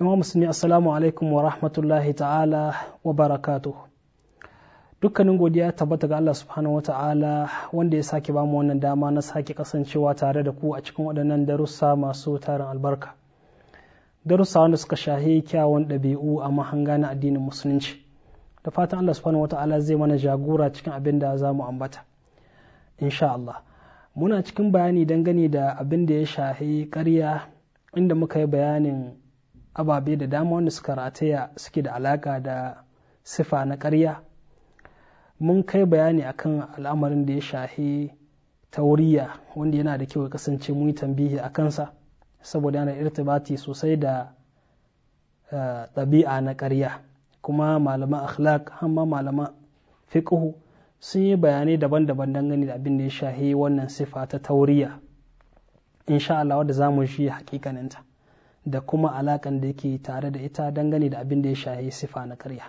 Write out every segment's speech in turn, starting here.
yawan musulmi assalamu alaikum wa rahmatullahi ta'ala wa barakatu dukkanin godiya tabbata ga Allah subhanahu wa ta'ala wanda ya sake ba mu wannan dama na sake kasancewa tare da ku a cikin waɗannan darussa masu tarin albarka darussa wanda suka shahi kyawun ɗabi'u a mahanga na addinin musulunci da fatan Allah subhanahu wa ta'ala zai mana jagora cikin abin da za mu ambata insha Allah muna cikin bayani dangane da abin da ya shahi karya inda muka yi bayanin ababe da dama wanda suka rataya suke da alaka da sifa na ƙarya mun kai bayani akan al'amarin da ya shahi tauriya wanda yana da kyau ya kasance mun yi tambihi a kansa saboda yana irtibati sosai da eh, ɗabi'a na karya kuma malaman akhlaq ma malaman fiqhu sun yi bayanai daban-daban dangane da abin da ya shahi wannan sifa ta tauriya insha Allah wanda za mu shi hakikaninta da kuma alakan da yake tare da ita dangane da abin da ya shahi sifa na karya.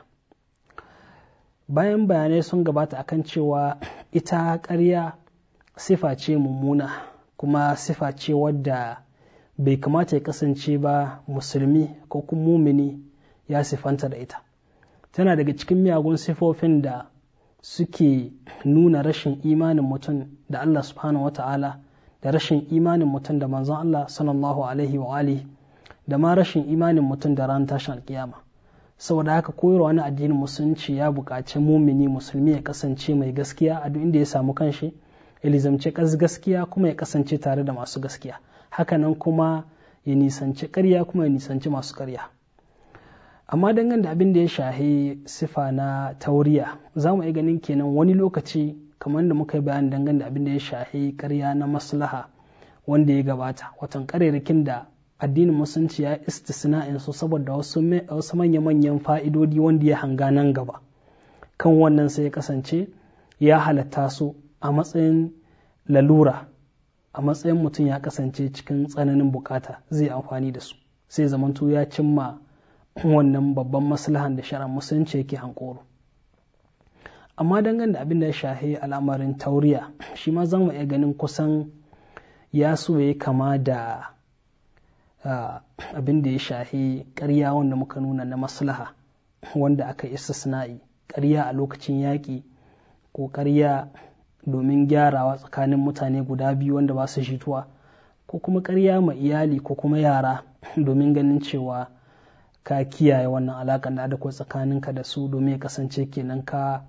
bayan bayanai sun gabata akan cewa ita karya sifa ce mummuna kuma sifa ce wadda bai kamata ya kasance ba musulmi ko kuma mumini ya sifanta da ita tana daga cikin miyagun sifofin da suke nuna rashin imanin mutum da Allah subhanahu wa ta'ala da rashin imanin mutum da manzon Allah sallallahu alaihi wa alihi da ma rashin imanin mutum da ranar tashin alkiyama saboda haka koyarwa na addinin musulunci ya buƙaci mumini musulmi ya kasance mai gaskiya a duk inda ya samu kanshi ilizamce gaskiya kuma ya kasance tare da masu gaskiya hakanan kuma ya nisanci karya kuma ya nisanci masu karya. amma dangane da abin da ya shahi sifa na tauriya za mu iya ganin kenan wani lokaci kamar da muka yi bayani dangane da abin da ya shahi karya na maslaha wanda ya gabata watan ƙarerrakin da addinin musulunci ya istisna'in su saboda wasu manya-manyan fa'idodi wanda ya hanga nan gaba kan wannan sai ya kasance ya halatta su a matsayin lalura a matsayin mutum ya kasance cikin tsananin bukata zai amfani da su sai zamantu ya cimma wannan babban maslahan da shara musulunci yake hankoro amma dangane da abin da ya shahe al'amarin tauriya shi ma zan mu iya ganin kusan ya so ya kama da abin da ya shahi karya wanda muka nuna na maslaha wanda aka istisna'i karya a lokacin yaƙi ko ƙarya domin gyarawa tsakanin mutane guda biyu wanda ba su jituwa ko kuma ƙarya ma iyali ko kuma yara domin ganin cewa ka kiyaye wannan alaƙar da adakwai tsakaninka da su domin ya kasance kenan ka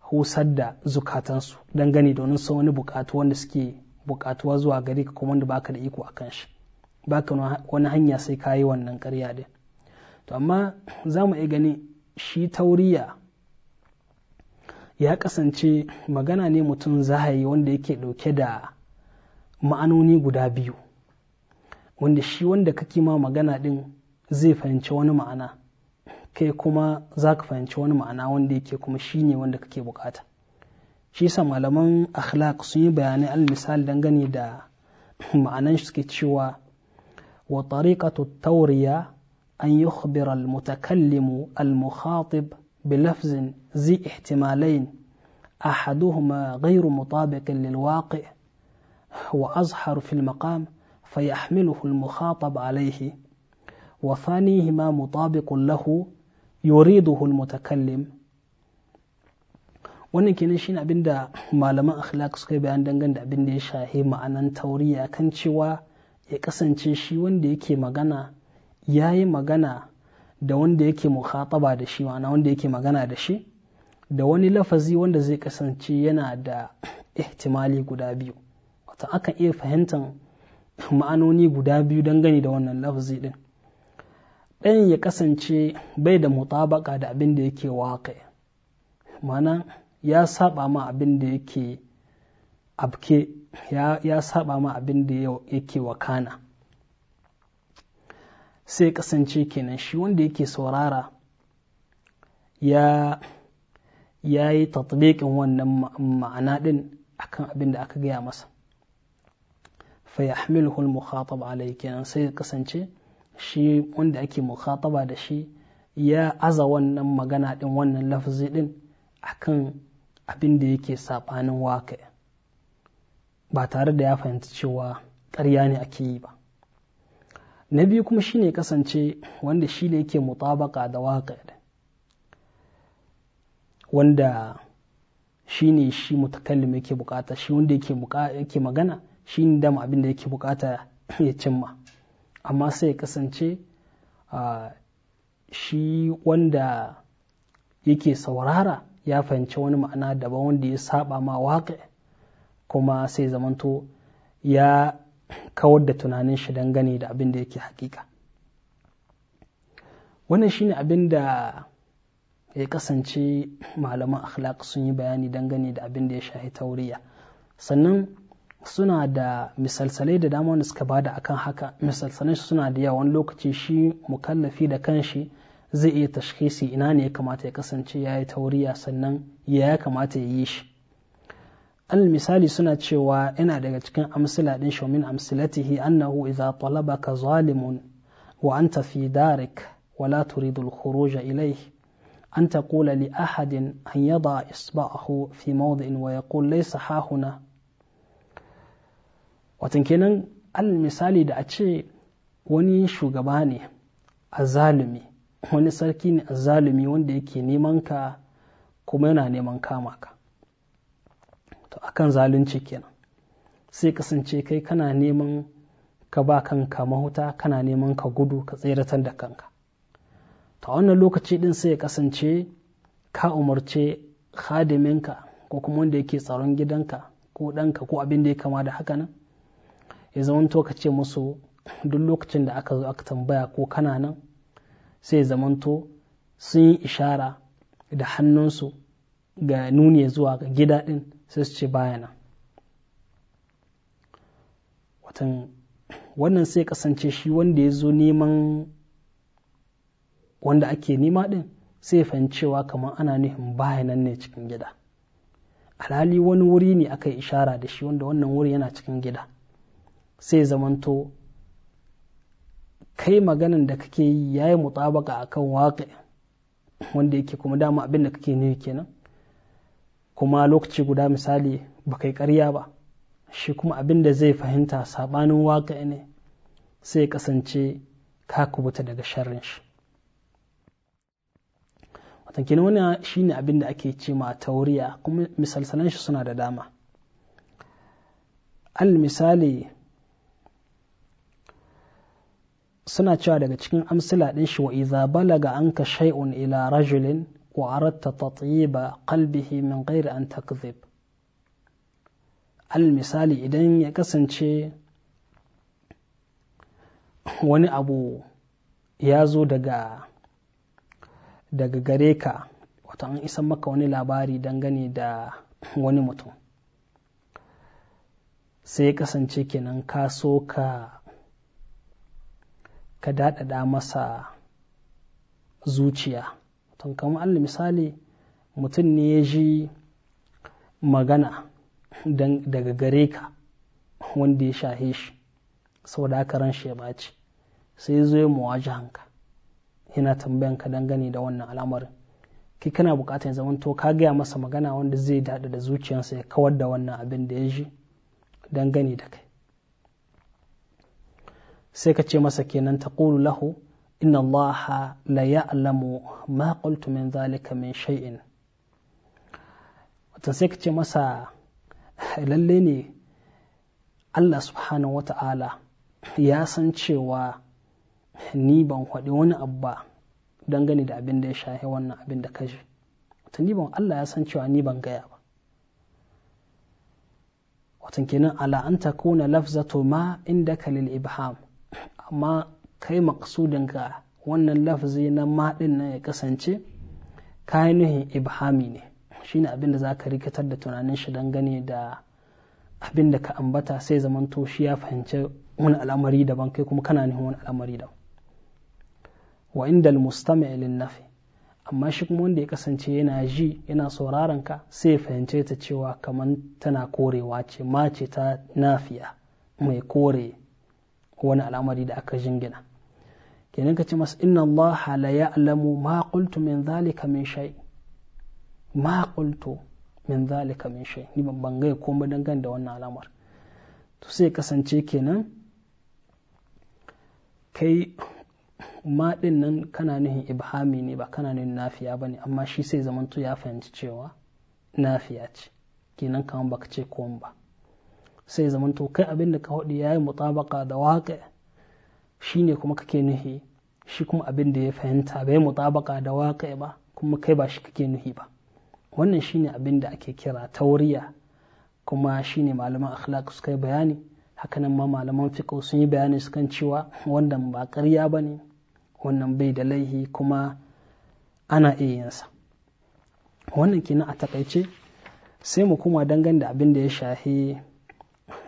husar da zukatansu dangane da wani wani buƙatu wanda suke buƙatuwa zuwa gari ka kuma wanda baka da iko a kanshi shi baka wani hanya sai ka yi wannan karya din to amma za mu iya gani shi tauriya ya kasance magana ne mutum zahayi wanda yake ɗauke da ma'anoni guda biyu wanda shi wanda kake ma magana din zai fahimci wani ma'ana kai kuma za ka fahimci wani ma'ana wanda yake kuma shi ne wanda kake bukata shi sa malaman akhlaq sun yi bayanai al misali dangane da ma'anan shi suke cewa وطريقة التورية أن يخبر المتكلم المخاطب بلفظ ذي احتمالين أحدهما غير مطابق للواقع وأظهر في المقام فيحمله المخاطب عليه وثانيهما مطابق له يريده المتكلم wannan kenan shine abinda malaman akhlaq suka yi bayan dangane da abin da ya shahi ma'anan tauriya kan cewa ya kasance shi wanda yake magana ya yi magana da wanda yake mukhataba da shi ma'ana wanda yake magana da shi da wani lafazi wanda zai kasance yana da ihtimali guda biyu wata akan iya fahimtar ma'anoni guda biyu gani da wannan lafazi din ɗayan ya kasance bai da mutabaka da abin da yake waƙe ma'ana ya saba ma abin da yake abke ya saba ma abin da yake wakana sai kasance kenan shi wanda yake saurara ya ya yi tatbiqin wannan ma'ana din akan abin da aka gaya masa fa hul al-mukhatab alayhi kenan sai kasance shi wanda ake mukhataba da shi ya aza wannan magana din wannan lafazi din akan abin da yake sabanin waƙe ba tare da ya fahimci cewa ƙarya ne ake yi ba na biyu kuma shine kasance wanda shi ne yake mutabaka da waƙa wanda shi ne shi mutakallim yake bukata shi wanda yake magana shi ne dama abinda yake bukata ya cimma amma sai ya kasance shi wanda yake saurara ya fahimci wani ma'ana daban wanda ya saba ma waƙa kuma sai zamanto ya kawar da tunanin shi dangane da abin da yake hakika wannan shine abin da ya kasance malaman akhlaq sun yi bayani dangane da abin da ya shahi tauriya sannan suna da misalsalai da dama wanda suka bada akan haka misalsalai suna da yawa wani lokaci shi mukallafi da kanshi zai iya tashkisi ina ne ya kamata ya kasance ya yi tauriya sannan ya kamata ya yi shi al misali suna cewa yana daga cikin amsila din shaumin amsilatihi annahu idza talabaka zalimun wa anta fi darik wa la turidu al khuruj ilayhi an taqula li ahadin an yada isba'ahu fi mawdi'in wa yaqul laysa hahuna watan kenan al misali da a ce wani shugaba ne a zalumi wani sarki ne a zalumi wanda yake neman ka kuma yana neman kama ka to akan zalunci kenan sai kasance kai kana neman ka ba kanka mahuta kana neman ka gudu ka tseratar da kanka ta wannan lokaci din sai ya kasance ka umarce hadiminka ko kuma wanda yake tsaron gidanka ko danka ko abin da ya kama da haka nan ya zamanto ka ce musu duk lokacin da aka zo aka tambaya ko kana nan sai ya zamanto sun yi ishara da hannunsu ga nuni zuwa ga gida ɗin sai su ce baya wannan sai kasance shi wanda ya zo neman wanda ake nema din sai fahimcewa kamar ana nufin baya nan ne cikin gida alhali wani wuri ne aka yi ishara da shi wanda wannan wuri yana cikin gida sai zamanto kai maganan da kake yi ya yi mutabaka a kan wanda yake kuma dama abin da kake nufi kenan kuma lokaci guda misali ba kai karya ba shi kuma abin da zai fahimta saɓanin waka ne sai ya kasance ka kubuta daga sharrin shi watakin wani shi ne abin da ake ce ma tauriya kuma misalsalan shi suna da dama al misali suna cewa daga cikin amsila ɗin shi wa iza balaga an ka shai'un ila rajulin وأردت تطيب قلبه من غير أن تكذب المثال إذن يكسن شيء wani abu ya zo daga daga gare ka wato an isan maka wani labari dangane da wani mutum sai ya kasance kenan ka so ka ka daɗaɗa masa zuciya to kamar allah misali mutum ne ya ji magana daga gare ka wanda ya shahe shi saboda aka ran shi ya ɓaci sai zo ya mawaji hanka yana tambayan ka dangane da wannan al'amarin Ki kana bukatar zaman to ka gaya masa magana wanda zai daɗa da zuciyarsa ya kawar da wannan abin da ya ji dangane da kai sai ka ce masa kenan ta lahu إن الله لا يعلم ما قلت من ذلك من شيء وتسكت مسا لليني Allah subhanahu wa ta'ala ya san cewa ni ban faɗi wani abu ba dangane da abin da ya shahi wannan abin da kashi wata ni ban Allah ya san cewa ni ban gaya ba watan kenan ala an takuna lafzatu ma inda kalil ibham amma kai maƙasudinka wannan lafazi na maɗin nan ya kasance kayanuhin ibhami ne shine abin da za ka rikitar da tunanin shi dangane da abin da ka ambata sai zamanto shi ya fahimci wani al'amari daban kai kuma kana nihin wani al'amari daban wa inda mustami na nafi amma shi kuma wanda ya kasance yana ji yana sauraron ka sai ya fahimce ta cewa kaman tana korewa ce ma ce ta nafiya mai kore wani al'amari da aka jingina kenan ka ce masa inna Allah la ya'lamu ma qultu min zalika min shay ma qultu min zalika min shay ni ban ga komai dangane da wannan al'amar to sai kasance kenan kai ma din nan kana nuhin ibhami ne ba kana nuhin nafiya ba ne amma shi sai zamanto ya fahimci cewa nafiya ce kenan kamar baka ce komai ba sai zaman to kai abin da ka hudu ya yi mutabaka da waƙe shi ne kuma kake nuhi shi kuma abin da ya fahimta bai mutabaka da waƙe ba kuma kai ba shi kake nuhi ba wannan shi ne abin da ake kira tauriya kuma shi ne malaman akhlaq suka yi bayani hakanan ma malaman fiqh sun yi bayani su kan cewa wannan ba ƙarya ba ne wannan bai da laihi kuma ana iya yinsa wannan kenan a takaice sai mu kuma dangane da abin da ya shahi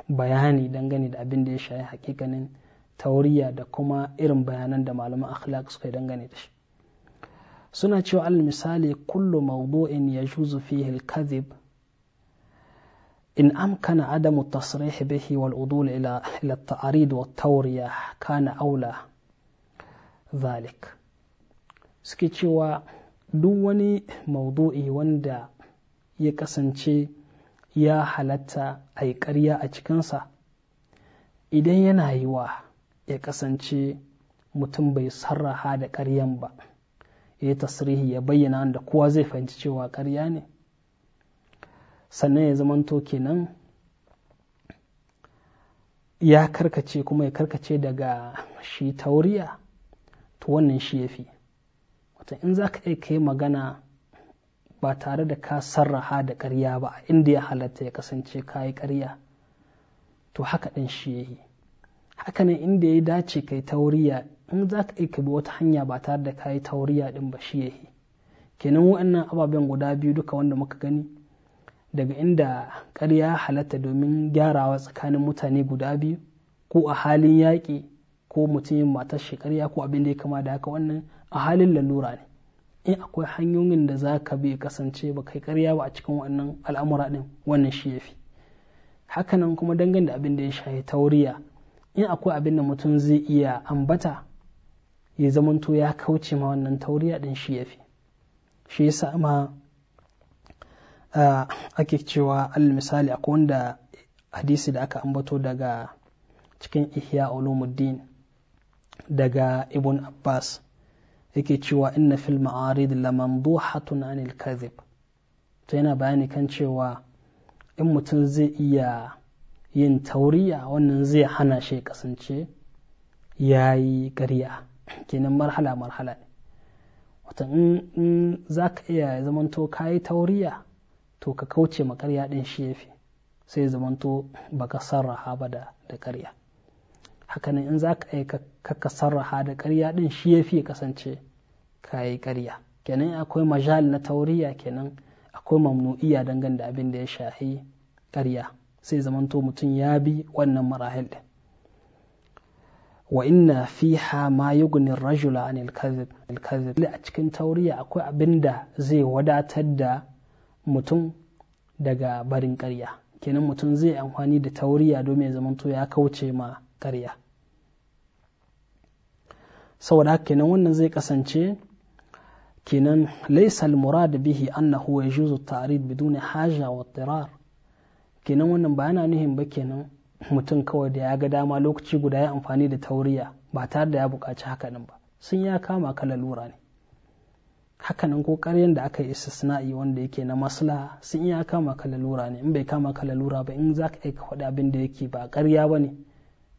bayani dangane da abin da ya shayi hakikanin tauriya da kuma irin bayanan da malaman akhlaq suka dangane da shi suna cewa al misali kullu mawdu'in yajuzu fihi al kadhib in amkana adamu tasrih bihi wal udul ila ila ta'rid wa tawriya kana aula zalik suke cewa duk wani mawdu'i wanda ya kasance ya halatta a yi ƙarya a cikinsa idan yana yiwa ya kasance mutum bai sarraha da ƙaryan ba ya yi tasirihi ya bayyana da kowa zai fahimci cewa ƙarya ne sannan ya zamanto kenan ya karkace kuma ya karkace daga shi tauriya to wannan shi ya fi in za ka iya kai magana ba tare da ka sarraha da karya ba inda ya halatta ya kasance ka yi ƙarya to haka ɗin shi ya yi haka nan inda ya dace ka yi tauriya in za ka iya bi wata hanya ba tare da ka yi tauriya ɗin ba shi ya yi kenan waɗannan ababen guda biyu duka wanda muka gani daga inda ƙarya halatta domin gyarawa tsakanin mutane guda biyu ko a halin yaƙi ko mutumin matar shekarya ko abin da ya kama da haka wannan a halin lalura ne in eh, akwai hanyoyin da za ka bi kasance ba kai karya ba a cikin wannan al'amura din wannan shi yafi hakanan kuma dangane da abin da ya shafi tauriya in akwai abin da mutum zai iya ambata ya zamanto ya kauce ma wannan tauriya din shi yafi shi yasa ma ake cewa al misali akwai wanda hadisi da aka ambato daga cikin ihya ulumuddin daga ibn abbas yake cewa inna fil ma'arid lamamduhatun anil kadhib to yana bayani kan cewa in mutum zai iya yin tauriya wannan zai hana shi kasance yayi yi ƙarya kenan marhala marhala ne wata in za ka iya zamanto ka yi tauriya to ka kauce ma ƙarya ɗin shi ya fi sai zamanto baka sarraha ba da ƙarya hakanan in za ka aika ka sarraha da ƙarya ɗin shi ya fi kasance kayi karya kenan akwai majal na tauriya kenan akwai mamnu'iya dangane da abin da ya shahi karya sai zamanto mutum ya bi wannan marahil din wa inna fiha ma yugni ar-rajula an al-kadhib al-kadhib a cikin tauriya akwai abin da zai wadatar da mutum daga barin karya kenan mutum zai amfani da tauriya domin ya zamanto ya kauce ma karya. saboda haka kenan wannan zai kasance kenan laisa al-murad bihi annahu yajuzu at-ta'rid bidun haja wa tirar kenan wannan ba yana nuhin ba kenan mutum kawai da ya ga dama lokaci guda ya amfani da tauriya ba tare da ya buƙaci hakanan ba sun ya kama ka lura ne hakanan ko ƙaryan da aka yi istisna'i wanda yake na maslaha sun ya kama ka lura ne in bai kama ka lura ba in za ka aika faɗi abin da yake ba ƙarya ba ne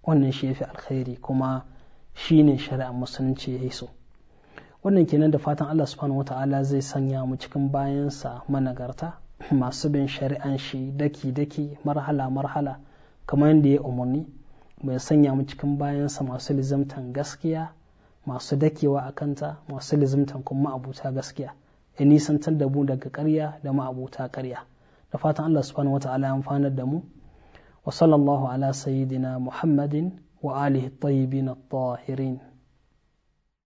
wannan shi ya fi alkhairi kuma shine shari'ar musulunci ya yi so wannan kenan da fatan Allah subhanahu ta'ala zai sanya mu cikin bayansa managarta masu bin shari'an shi daki-daki marhala-marhala kamar yadda ya umarni mai sanya mu cikin bayansa masu lizimtan gaskiya masu dakewa a kanta masu lizimtan kuma ma'abuta gaskiya ya nisantar da mu daga ƙarya da ma'abuta ƙarya da fatan Allah subhanahu wata'ala ya amfanar da mu wa sallallahu ala sayyidina muhammadin wa alihi tayyibin at-tahirin